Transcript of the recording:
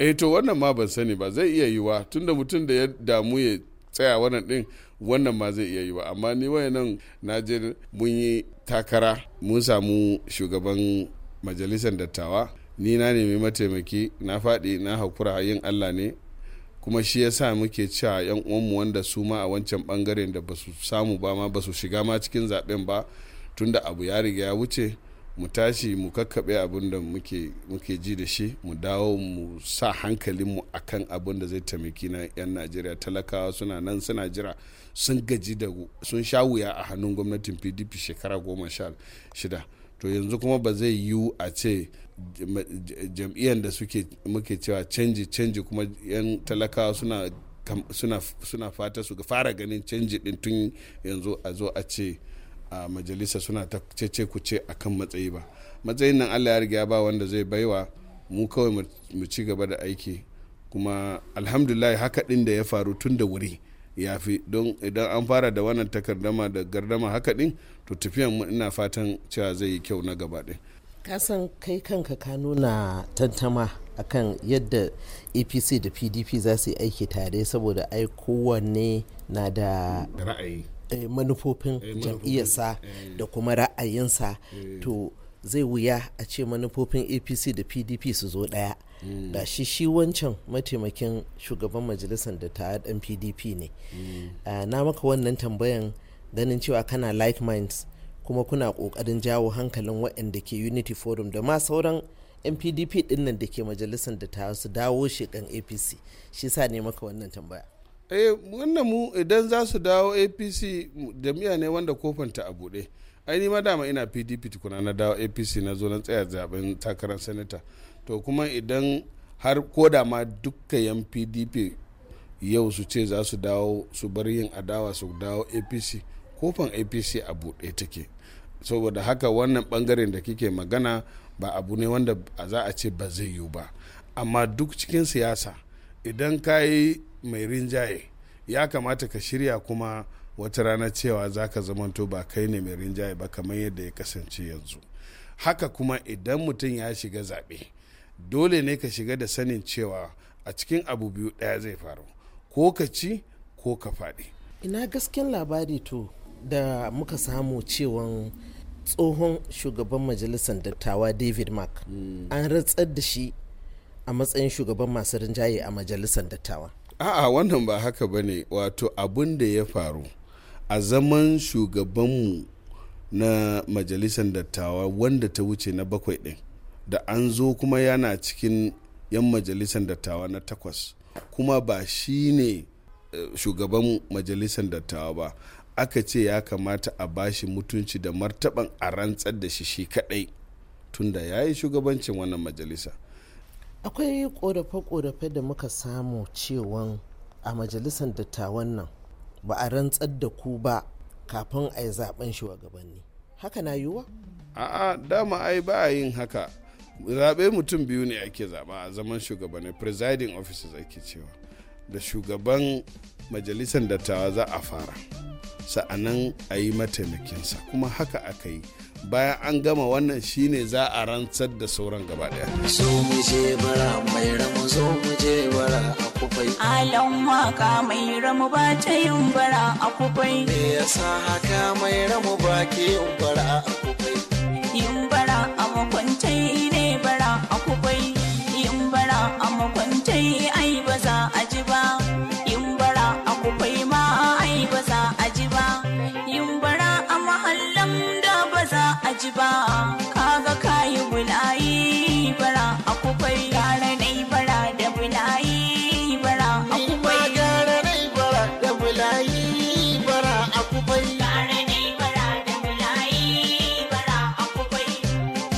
eh to wannan ma ban sani ba zai iya yiwa tunda mutum da ya damu ya tsaya wannan din wannan ma zai iya yiwa amma ni nan na je mun yi takara mun samu shugaban majalisar dattawa ni na nemi mataimaki na faɗi na hakura yin allah ne kuma shi ya sa muke cewa yan uwanmu wanda su ma a wancan bangaren da ba su samu ba ma ba su shiga ma cikin zaben ba tunda abu ya riga ya wuce mu tashi mu kakkaɓe abin da muke ji da shi mu dawo mu sa hankalinmu a kan abin da zai taimaki na 'yan najeriya talakawa suna nan suna jira sun gaji da sun sha wuya a hannun gwamnatin pdp shekara goma sha shida to yanzu kuma ba zai yiwu a ce jam'iyyar da suke muke cewa canji canji kuma 'yan talakawa suna suna fata su fara ganin canji din tun yanzu a zo a ce a majalisa suna ta cece ku ce kan matsayi ba matsayin nan allah ya riga ba wanda zai baiwa mu kawai mu ci gaba da aiki kuma alhamdulillah haka din da ya faru tun da wuri ya fi don idan an fara da wannan takardama da gardama haka din to tafiyan mu ina fatan cewa zai yi kyau na gaba din ka san kai kanka ka nuna tantama akan yadda apc da pdp za su yi aiki tare saboda ai kowanne na da ra'ayi Eh, eh, manufofin jam'iyyarsa eh. da kuma ra'ayinsa to zai wuya a ce manufofin apc da pdp su zo daya da hmm. shi shi wancan mataimakin shugaban majalisar da ta dan pdp ne hmm. ah, na maka wannan tambayan ganin cewa kana like minds kuma kuna kokarin jawo hankalin waɗanda ke unity forum da ma sauran npdp dinnan da ke majalisar da ta su dawo shekan apc shi sa ne maka wannan tambaya e wannan mu idan za su dawo apc jami'a ne wanda kofanta a buɗe aini ma dama ina pdp tukuna na dawo apc na zo na tsaya zaben takarar sanata to kuma idan har koda ma dukkan yan pdp yau su ce za su dawo su bar yin adawa su dawo apc kofan apc a buɗe take saboda haka wannan bangaren da kike magana ba abu ne wanda za a ce ba zai yiwu ba amma duk cikin siyasa idan ka yi mai rinjaye ya kamata ka shirya kuma wata rana cewa za ka zamanto ba kai ne mai rinjaye ba kamar yadda ya kasance yanzu haka kuma idan mutum ya shiga zaɓe dole ne ka shiga da sanin cewa a cikin abu biyu ɗaya zai faru ko ka ci ko ka faɗi ina gasken labari to da muka samu cewan tsohon shugaban majalisar dattawa david mark hmm. an ratsar da shi a matsayin shugaban masu rinjaye a majalisar dattawa a'a wannan ba haka ba ne wato abin da ya faru a zaman shugabanmu na majalisar dattawa wanda ta wuce na bakwai ɗin da an zo kuma yana cikin 'yan majalisar dattawa na takwas kuma ba shi ne eh, shugaban majalisar dattawa ba aka ce ya kamata a bashi mutunci da martaban a rantsar da shi shi kadai tunda ya yi shugabancin wannan majalisa akwai korafe-korafe da muka samu cewa a majalisar dattawan nan ba a rantsar da ku ba kafin a yi zaben shugabanni haka na yiwuwa a'a dama ai ba a yin haka zaɓe mutum biyu ne ake zaɓa a zaman shugabanni presiding officers ake cewa da shugaban majalisar dattawa za a fara sa'anan a yi mataimakinsa kuma haka aka yi bayan an gama wannan shine za a rantsar da sauran gaba daya so mu je bara mai ramu so mu je bara a kufai alan waka mai ramu ba ta yin bara a kufai me yasa haka mai ramu ba ke yin bara a